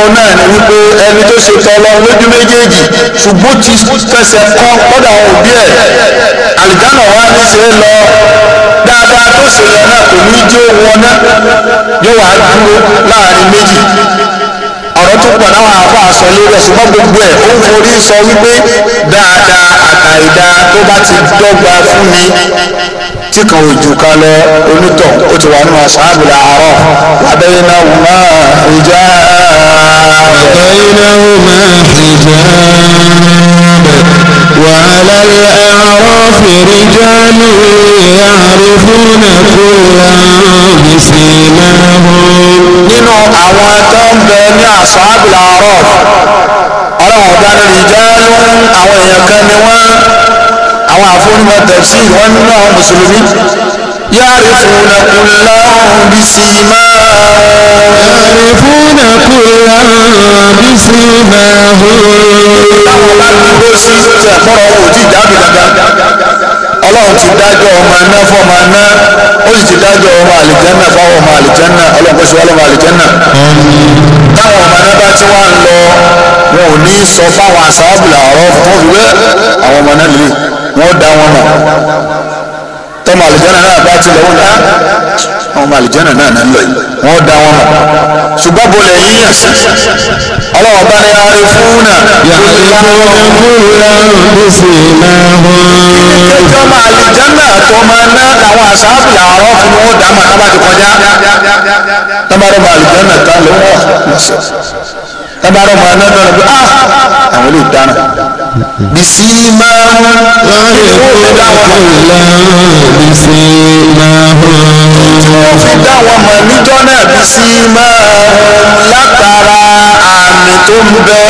òun náà ni wípé ẹni tó ṣe tọlọ lójú méjèèjì ṣùgbọ́n ti fẹsẹ̀ kọ́ kọ́dà òbí ẹ̀ àlìjáná wa ní ṣe é lọ dáadáa tó ṣe yẹn náà kò ní jó wọn náà yóò wá dúró láàrin méjì ọ̀rọ̀ tó pọ̀ náà àbá sọ lórí ẹ̀ ṣùgbọ́n gbogbo ẹ̀ ó ń forí sọ wípé dáadáa àtàìdá tó bá ti dọ́gba fún mi tí kan ò jù kan lọ onítọ̀ ó ti wà nínú asáàbùlà àárọ̀ lábẹ́yìn náà wù má ìjà. lábẹ́yìn náà wù má ìjà. وعلى الأعراف رجال يعرفون كلا بسيماهم nínú àwọn tó ń bẹ ní asáàbùlà àárọ̀ ọlọ́run ọ̀gá ni rìjálù àwọn èèyàn kan ni wọ́n àwọn àfọwọ́nìmọ̀ tẹ̀sí wọn nínú àwọn mùsùlùmí يعرفون كلهم بسيماهم يعرفون كلهم بسيماهم ọlọ́run ti dájọ́ ọmọ iná fọmọ iná ó sì ti dájọ́ ọmọ àlìjẹ́nà fáwọn ọmọ àlìjẹ́nà ọlọ́run kò sí wá lọ́mọ àlìjẹ́nà. táwọn ọmọ iná bá ti wá ń lọ wọn ò ní sọ fáwọn àṣàbùlà ọ̀rọ̀ fún òfin wọ́n da wọn mọ̀ tọ́mọ àlùjọ́nà náà bá ti lọ wọ́n dá ọmọ àlùjọ́nà náà náà lọ yìí wọ́n dá wọn mọ̀ ṣùgbọ́n bọ̀lẹ̀ yìí yàn sí ọlọ́wọ́ bá ní ari fúnà ìjọba àlùjọ́nà tó máa ná àwọn àṣàbù làárọ̀ fún wọn dá mọ̀ tábà ti kọjá tábàrọ̀ bá àlùjọ́nà tán lọ́wọ́ tábàrọ̀ bá náà bisimilá ìwúrò dáwọn bisimilá tí wọ́n fi dáwọn mọ̀ níjọ́ náà bisimilá látara àmì tó ń bẹ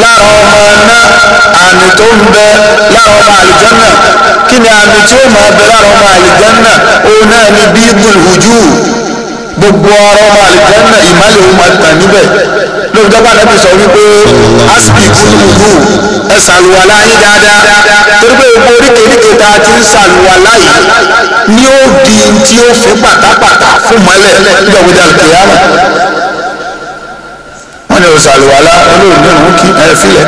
lára ọmọ náà àmì tó ń bẹ lára ọmọ àlìjánná kí ni àmì tí ó máa bẹ lára ọmọ àlìjánná òun náà ni bíbélì ojú gbogbo ọ̀rọ̀ ọmọ àlìjẹ́nà ìmọ̀lẹ̀ òun máa tàn níbẹ̀ lórí dọ́gba nàbì sọ wípé aspic wúlúwú ẹ ṣàlùwàlá yín dáadáa torí pé gbogbo oríkèéríkèé tá a ti ń ṣàlùwàlá yìí ni ó di tí ó fi pátápátá fún mọ́lẹ̀ nígbà wo dàrú kìyàmù wọ́n ní o ṣàlùwàlá olóòrùn náà ń kí ẹ filẹ̀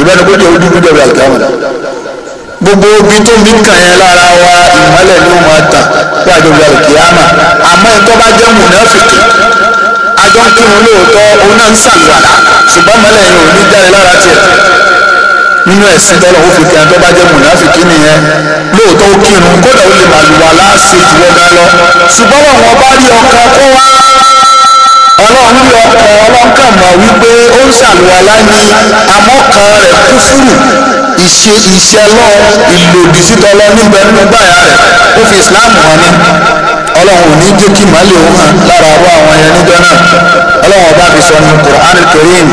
ìbẹ́ni kó jẹ́ ojú kó bí àlùkìyàmù dáadáa gbogbo obi tó ń bí kàn yẹn lára wa ìmọ́lẹ̀ ló máa tàn fún àjọyọ̀ àlùkìyàmà àmọ́ ìtọ́ bá jẹ́ mùnáfìkì àjọ ń kírun lóòótọ́ òun náà ń sàlùwàlà ṣùgbọ́n mọ́lẹ̀ yẹn ò ní jáde lára tiẹ̀ nínú ẹ̀sìn tọ́lọ̀ ó fi kí àjọ bá jẹ́ mùnáfìkì nìyẹn lóòótọ́ ó kírun kódà ó lè màlúwà láàṣẹ ìwọ́gá lọ ṣùgbọ́n wọn bá rí ọkàn kó wá ọlọ́run wí ọkọ̀ ọlọ́kàn mọ̀ wípé ó ń ṣàlùwalá ní amọ́kan rẹ̀ kúfúrù ìṣe ìṣe ọlọ́run ìlòdì sítọ́lọ́ níbẹ̀ nínú gbàyà rẹ̀ ó fi islam hàn ní ọlọ́run ò ní jẹ́ kí màálì òun hàn lára ọwọ́ àwọn yẹn níjọ náà ọlọ́run ọba fi sọ ní Qur'an Karim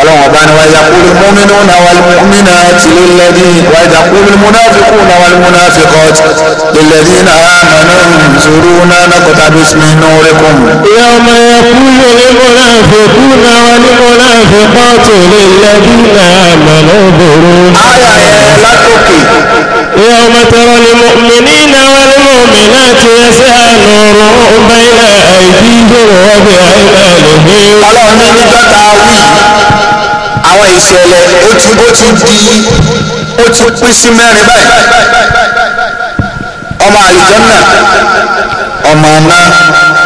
ọlọ́run ọba ni wáyà kúlù mọ́mínú náwàlì mọ́mínà ti lélẹ́dí wáyà kúlù múnáfikù náwàlì múnáfikọ́t lélẹ́dí náà àmàlà zuruna nàkọ́tà bísí nínú rẹ̀ kùn. ìyá ọmọ ẹ̀kú للمنافقون والمنافقات للذين آمنوا برون يوم ترى المؤمنين والمؤمنات يسعى نورهم بين أيديهم وبأيمانهم ọlọ́run ní nígbà tá a wí àwọn ìṣẹ̀lẹ̀ ó ti ó ti di ó ti pín sí mẹ́rin báyìí ọmọ àlìjọ́nà ọmọ náà.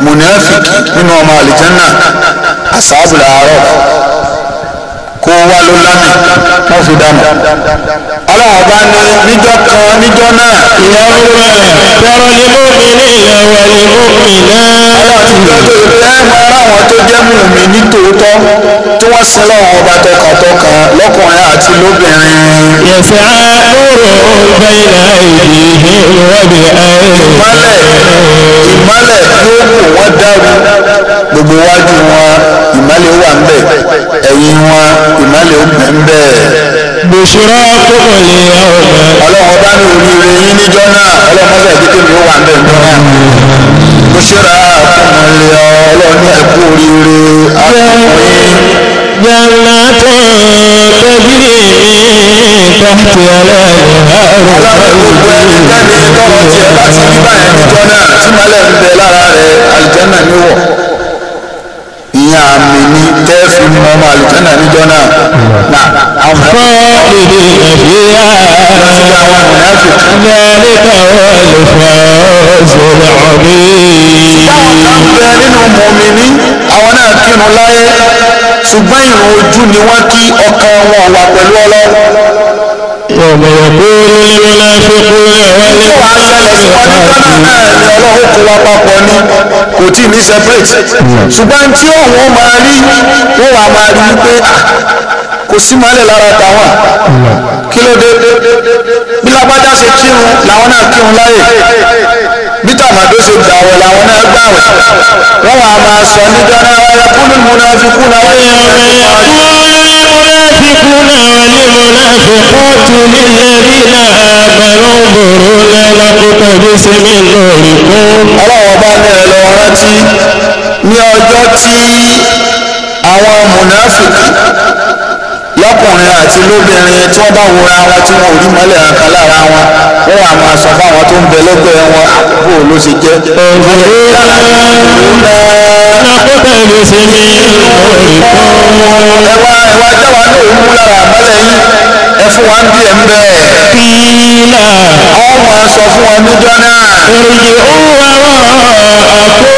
منافق من ومال الجنة أصحاب الأعراف kó wá ló lámì wọ́n fi dànù. ọlọ́wọ́ bá ní níjọ́ kan níjọ́ náà. ìyàwó rẹ̀ tọrọ ní mọ́mìnì ìyàwó ní mọ́mìnì náà. ọlọ́wọ́ ti gbọ́ pé ẹ máa ráwọn tó jẹ́ mùmí ní tòótọ́ tí wọ́n sin lọ́wọ́ ọba tọkàntọkàn lọ́kùnrin àti lóbìnrin. yẹ̀sẹ̀ á lóòrò bẹ́yìn náà èyí ìwọ́de ayé. ìmọ̀lẹ̀ ìmọ̀lẹ̀ yóò wọ́n dàrú gbogbo wájú wọn ìmọ̀lẹ̀ wà ń bẹ̀ ẹ̀yìn wọn ìmọ̀lẹ̀ ó bẹ̀ ń bẹ̀. bùsùrọ̀ kókò lè ọ̀rọ̀. ọlọ́run ọba ní oríire yín níjọ́ náà ọlọ́run ọba ìdíkẹ́ mi ó wà ń bẹ̀ ńjọ́ náà. bùsùrọ̀ kókò lè ọlọ́run ní ẹ̀kú oríire àkókò جنات تجري تحتها الأنهار kírun láyé ṣùgbọ́n ìrùn ojú ni wọ́n kí ọkàn wọn wà pẹ̀lú ọlọ́run. Ọ̀bọ̀rọ̀ kó lórí ọlá ṣe kó rẹ̀ wá lé wá ṣẹlẹ̀ sí wọn nígbà náà ni ọlọ́run kó wa papọ̀ ni kò tí ì ní separate. Hmm. Ṣùgbọ́n tí òun máa rí wọ́n wà máa rí pé ah, kò sí màálẹ̀ lára tàwọn hmm. kí ló dé bí lágbájá ṣe kírun làwọn náà kírun láyè bí tàmàdó ṣe gbà wọ̀ làwọn náà gbà wọ̀ wọ́n wàá máa sọ níjọ́ náà wáyé kúlù múnafikún náà wáyé المنافقون والمنافقات للذين آمنوا انظرونا نقتبس من نوركم. ọlọ́wọ́ bá ní ẹ lọ rántí ní ọjọ́ tí àwọn mùnáfìkì lọ́kùnrin àti lóbìnrin tí wọ́n bá wora wọn tí wọn ò rí mọ́lẹ̀ kankan lára wọn wọ́n wà máa sọ fáwọn tó ń bẹ lẹ́gbẹ̀ẹ́ wọn àkókò ló ṣe jẹ́. ẹwà ẹwà jáwa náà ń mú lára àmọ́lẹ̀ yín ẹ fún wa ń bí ẹ̀ ń bẹ̀. kílà. ọmọ sọ fún wọn níjọ náà. èrè òwúwa wọ̀ ọ́ àkó.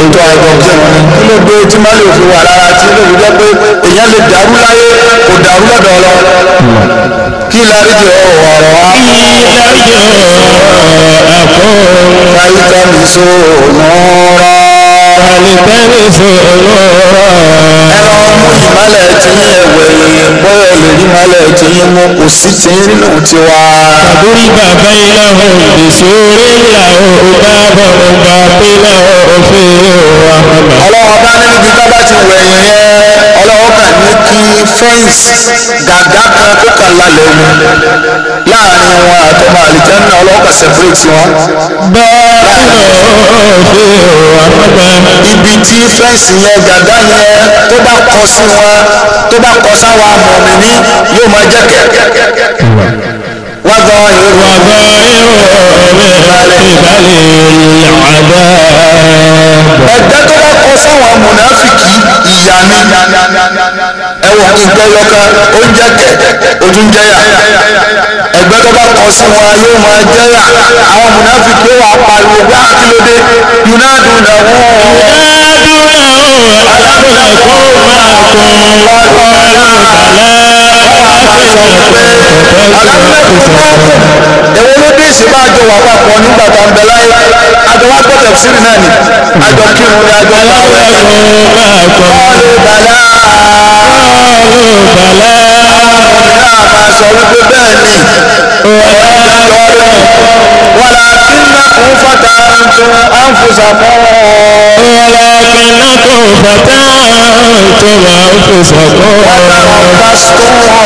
èyí tó ayọ̀ ọ̀jẹ̀ kí ló dé tí má lè fi wà lára tí ló fi jẹ́ pé èèyàn lè dàrú láyé kò dàrú lọ́dọ̀ ọ kí láríjọ ọ̀rọ̀ wa. kí láríjọ àkọ́. fáyítà mi sóò náà rà àlìtẹ́nìsì olóòrò. ẹran mú ìmọ̀lẹ̀ tí yín ẹ̀wẹ̀ yìí bọ́yọ̀ lè rí ìmọ̀lẹ̀ tí yín mú kò sí ti ń nù tiwa. àbúrò bàbá ilé ọ̀hún ìṣó ríla òbá bọ̀ ọba pílà òfin ìwà ọmọ. ọlọ́wọ́ bá ní ibi tábà ti wẹ̀yìn yẹn ọlọ́wọ́ kà ní kí fẹ́ǹsì gàgá kan kó kà lálẹ́ wọn láàrin wọn àtọmọ àlìjẹ́ńnà ọlọ́wọ́ kà sẹ́fúrẹ́tì wọn. bá a lọ fi ìwà ọmọ ibi tí fẹ́ǹsì yẹn gàgá yẹn tó bá kọ sí wọn tó bá kọ sáwọn amọ̀mí ní yóò máa jẹ́ kẹ̀kẹ́. wàgọ́ ìrù wàgọ́ ìrù ìbàlẹ̀ ìbàlẹ̀ ẹgbẹ́ tó bá kọ sáwọn amọ̀nàfìkì ìyá ẹgbẹ́ tó bá kọ sí wọn yóò máa jẹ́yà àwọn mùnáfíkì wà pariwo bá kílódé yunádùn ẹ̀wọ̀n. yunádùn ẹ̀wọ̀n alábùnà kó máa kún lọ́kọ́ lọ́kàlẹ́ èwo ló dé ìsìn máa jọ wà papọ̀ nígbà tá à ń bẹ láyé àjọ wá gbọ́dọ̀ sílẹ̀ náà ni àjọ kírun ni àjọ wá wẹ̀ ẹ́ kọ́lù bàlá kọ́lù bàlá àwọn náà máa sọ wípé bẹ́ẹ̀ ni ọ̀rọ̀ ìjọ rẹ̀ wọ́n la kí n náà kún fọ́tà tún àǹfùsàmọ́. wọ́n la kí n náà kún fọ́tà tún àǹfùsàmọ́. wọ́n náà bá sùn wọ́n.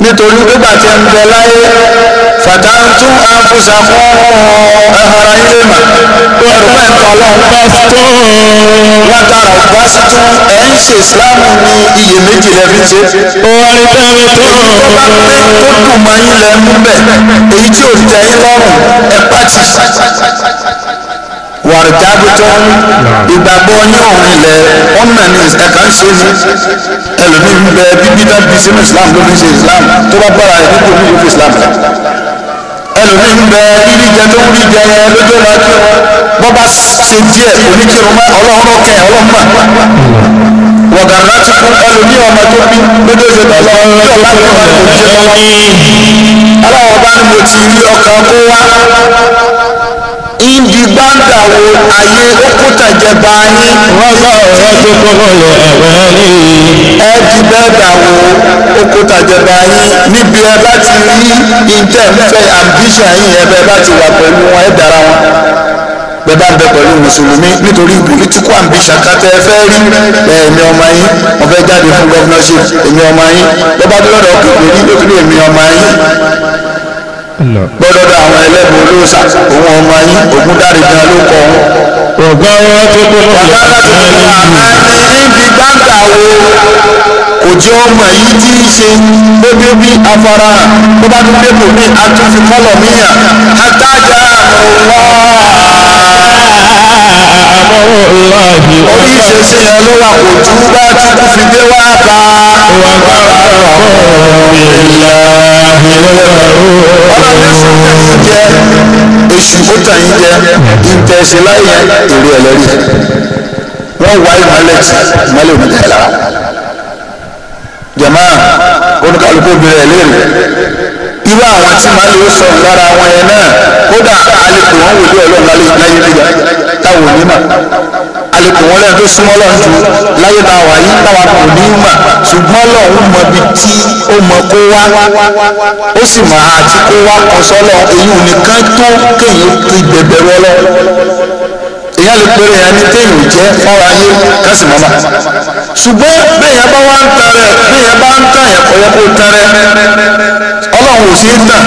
nítorí gbígbà tí ń bẹ láyé fàtàntú àfúsà fún ẹ̀hara ilé mà ẹ̀rù mẹ́tọ́ ọlọ́run látara ìbáṣà tún ẹ̀ ń ṣe ìsìláàmù ní iyèméjì rẹ̀ fi ṣe. orin tẹ́lẹ̀ tó èyí tó bá pé tó dùn mọ́ yín lẹ́mú bẹ̀ èyí tí ò tẹ́ lọ́rùn ẹ̀ pàtì wàrùjágútọ́n ìgbàgbọ́ ní òun ilẹ̀ wọn náà ní ẹ̀ka ń ṣe ní ẹlòmíì ń bẹ bíbí náà bí sínú islam ló fi ṣe islam tó bá bára ẹ̀ nípò ní ìlú islam rẹ̀ ẹlòmíì ń bẹ rírí jẹ tó ń rí jẹ yẹn lójú ọ̀la kí wọ́n bá ṣe díẹ̀ oníkírun mọ́ ọlọ́run kẹ ọlọ́run mọ́ wọ̀gàrà kú ẹlòmíì ọmọ tó bí lójú ọ̀sẹ̀ tó lọ ọ̀rọ̀ tó bá lọ́wọ́ kò ní ṣe tọ́lọ́ aláwọ̀ bá ní mo ti rí ọkàn kó wá indi gbangba wo ayé òkúta jẹba yín. rọ́bà ọ̀rọ̀ tó kọ́kọ́ lọ ẹ̀rọ ní. ẹ ti gbangba wo òkúta jẹba yín. níbi ẹ bá ti rí intẹ́nfẹ́ ambition yín ẹ bẹ́ẹ̀ bá ti wà pẹ̀lú wọn ẹ dára wọn bẹ́ẹ̀ bá ń bẹ pẹ̀lú mùsùlùmí nítorí political ambition kátẹ ẹ fẹ́ rí ẹ̀mí ọmọ yín wọ́n fẹ́ jáde fún governorship ẹ̀mí ọmọ yín bẹ́ẹ̀ bá dúró lọ́dọ̀ ọkùnrin ní lókè ọmọ yín gbọ́dọ̀dọ̀ àwọn ẹlẹ́bùn olóòṣà òun ọmọ yín ògùn dáre gan ló kọ wọn. ọ̀gá wọn tó tó lọ sí ọ̀gá àmì ibi gbàgbà wo kò jẹ́ ọmọ yìí tí í ṣe bóbi bí afárá tó bá tún dé bòmí àtúnfi kọ́lọ̀ míyàn àtàjà àmọ̀ wá amọ́láhi. orí ìṣesí yẹn ló wà kò tú bá túbú fi dé wá ká. wà á bá ìlà ìlà òòrùn. ọlọ́run tẹ̀sí jẹ èṣù ó tàn yín ìtẹ̀sí láyé èrè ẹlẹ́rìí wọ́n wá ìmọ̀lẹ̀ tì ìmọ̀lẹ̀ òní tẹ̀ jẹ̀mọ́ kónúkálukú obìnrin ẹ̀ irú àwọn tí màá lè sọ̀rọ̀ lára wọn yẹn náà kódà àlè kò wọ́n wòlé ọlọ́run lálẹ́ ìgbà yìí nígbà táwọn òní mà alẹ́kùn wọn lẹ́yìn tó súnmọ́ lọ́n ju láyé tá a wà yí táwọn kò ní í mà ṣùgbọ́n lọ́hún mọ ibi tí ó mọ kó wá ó sì mọ àti kó wá kọ sọ́lọ́ èyí ò nìkan tó kéèyàn ti bẹ̀bẹ̀ wọ́lọ́ èyàn lè pèrè yẹn ní téèmù jẹ́ fáwọn ayé kásì mọ́mà ṣùgbọ́n bẹ́ẹ̀yẹn bá wá ń tarẹ̀ bẹ́ẹ̀yẹn bá ń tàn yẹn kọ́yẹ́ kó tarẹ̀ ọlọ́run ò ṣe é tàn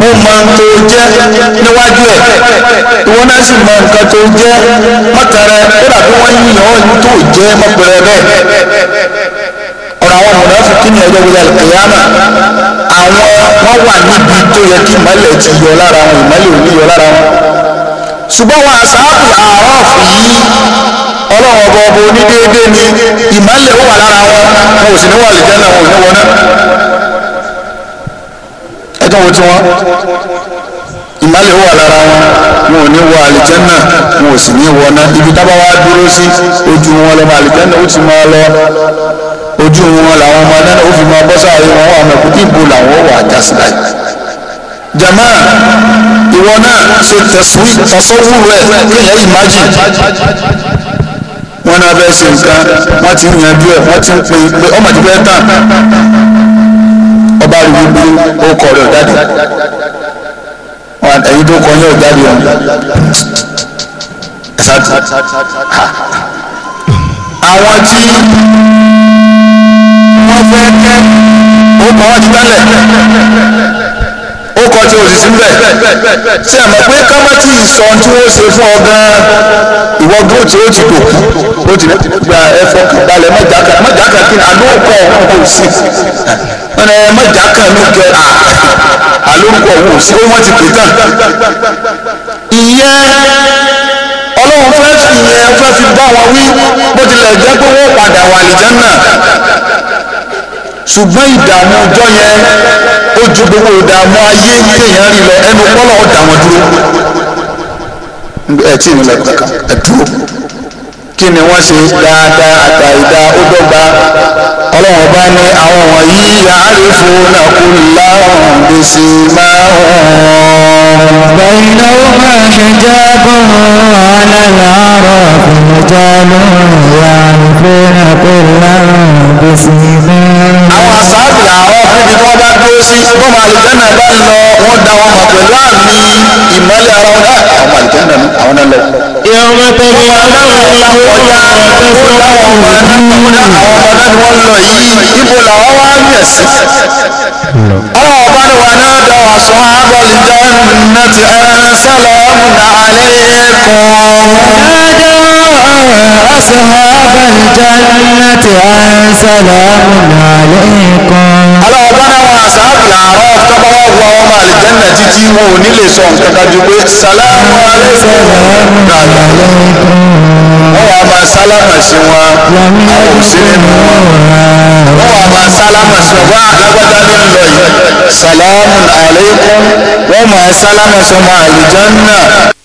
mo mọ tó jẹ́ níwájú ẹ̀ ìwọ náà sì mọ nǹkan tó jẹ́ mọ́tàrẹ́ kódà bí wọ́n yíyan ọ́ ìlú tó jẹ́ mọ́pẹ̀rẹ̀ bẹ́ẹ̀ ọ̀rọ̀ àwọn mọ̀nàfù kí ni ọjọ́ wíwá ìkìyàmà àwọn wọ́n wà níbi tó yẹ kí ìmọ̀lẹ̀ ti yọ lára wọn ìmọ̀lẹ̀ ò ní yọ lára wọn ṣùgbọ́n wọn àṣàbù àárọ̀f yìí ọlọ́run ọba ọba onídéédé ni ìmọ̀lẹ̀ ó wà lára wọn wọn ò sì ní wà lìjẹ́ náà wọn ò ní wọná ẹ̀dùn wo tiwọn ìmọ̀lẹ̀ ó wà lára wọn wọn ò ní wọ àlìjẹ́nà wọn ò sì ní wọná ibi tábà wá dúró sí ojú wọn lọ́mọ àlìjẹ́nà ó ti máa lọ ojú wọn làwọn ọmọ náà ó fi máa bọ́ sáà yìí wọn wà mọ̀ kó kí ìwọ náà ṣe tẹ̀síwì tasọ́wù rẹ̀ kéèyàn ìmájì wọn náà bẹ́ẹ̀ ṣe nǹkan wọ́n ti yànjú ẹ̀ wọ́n ti ń pè pé ọmọ ti fẹ́ tàn ọba rẹ̀ gbogbo ó kọ̀ rẹ̀ jáde ẹ̀yin tó kọ yóò jáde ọ̀hún àwọn tí wọ́n fẹ́ kẹ́ ó kọ́ wọ́n ti tẹ́lẹ̀ ó kọ tí o sì sí bẹ́ẹ̀ tí a mọ̀ pé kámátì sọ tí wọ́n ṣe fún ọ gan-an ìwọ dúró tí ó ti dòkú ó ti gba ẹ̀fọ́ balẹ̀ mọ́jàkà mọ́jàkà kí ni alóòkọ̀ ọ̀hún sí ọ̀nà mọ́jàkà ló kẹ alóòkọ̀ ah, ọ̀hún sí ó wọ́n ti pè tán. ìyẹn ọlọ́run fẹ́ fi ìyẹn fẹ́ fi bá wọn wí bó tilẹ̀ jẹ́ pé wọ́n padà wà lìjẹ́ náà ṣùgbọ́n ìdààmú ọjọ́ yẹn ó ju gbogbo ìdààmú ayé téèyàn rí lọ ẹnu kọ́lọ̀ ó dà wọ́n dúró ẹ tí ìrìnlẹ̀ kankan ẹ dúró kí ni wọ́n ṣe dáadáa àtàìdá ó dọ́gba ọlọ́run bá ní àwọn wọ̀nyí ya'rifuna kullan bisimahum. baynahuma hijabun 'ala al-a'rafi rijalun ya'rifuna kullan bisimahum. àwọn asáàbì làwọn níbi tí wọ́n bá dúró sí bọ́mọ àlùjẹ́nà bá ń lọ wọ́n da wọn mọ̀ pẹ̀lú àmì ìmọ́lẹ̀ ara wọn náà àwọn àlùjẹ́nà ní àwọn náà lọ. ìrọ̀mọ̀ tẹ̀lé aláwọ̀ ìyàwó ọ̀yà ó láwọn máa ń náà àwọn ọmọ náà ni lọ yìí ibo làwọn wá ń yẹ̀ sí. ọlọ́wọ́ bá ní wa náà dá wa sọ àbọ̀lìjẹ́nà ti ẹ̀ sálámù عليكم أصحاب الجنة أن سلام عليكم ọlọ́wọ́ bá náwọn àṣàbù làárọ̀ tọ́pọ̀ wọ́n wọ ọmọ àlìjẹ́nà títí wọn ò ní lè sọ nǹkan kan ju pé sálámù aláìkùm dàgbà wọ́n wàá máa sálámà sí wọn àwọn òṣèré nù wọn wọ́n máa sálámà sí wọn wá alágbádá ní lọ yìí sálámù aláìkùm wọ́n máa sálámà sí wọn àlìjẹ́nà.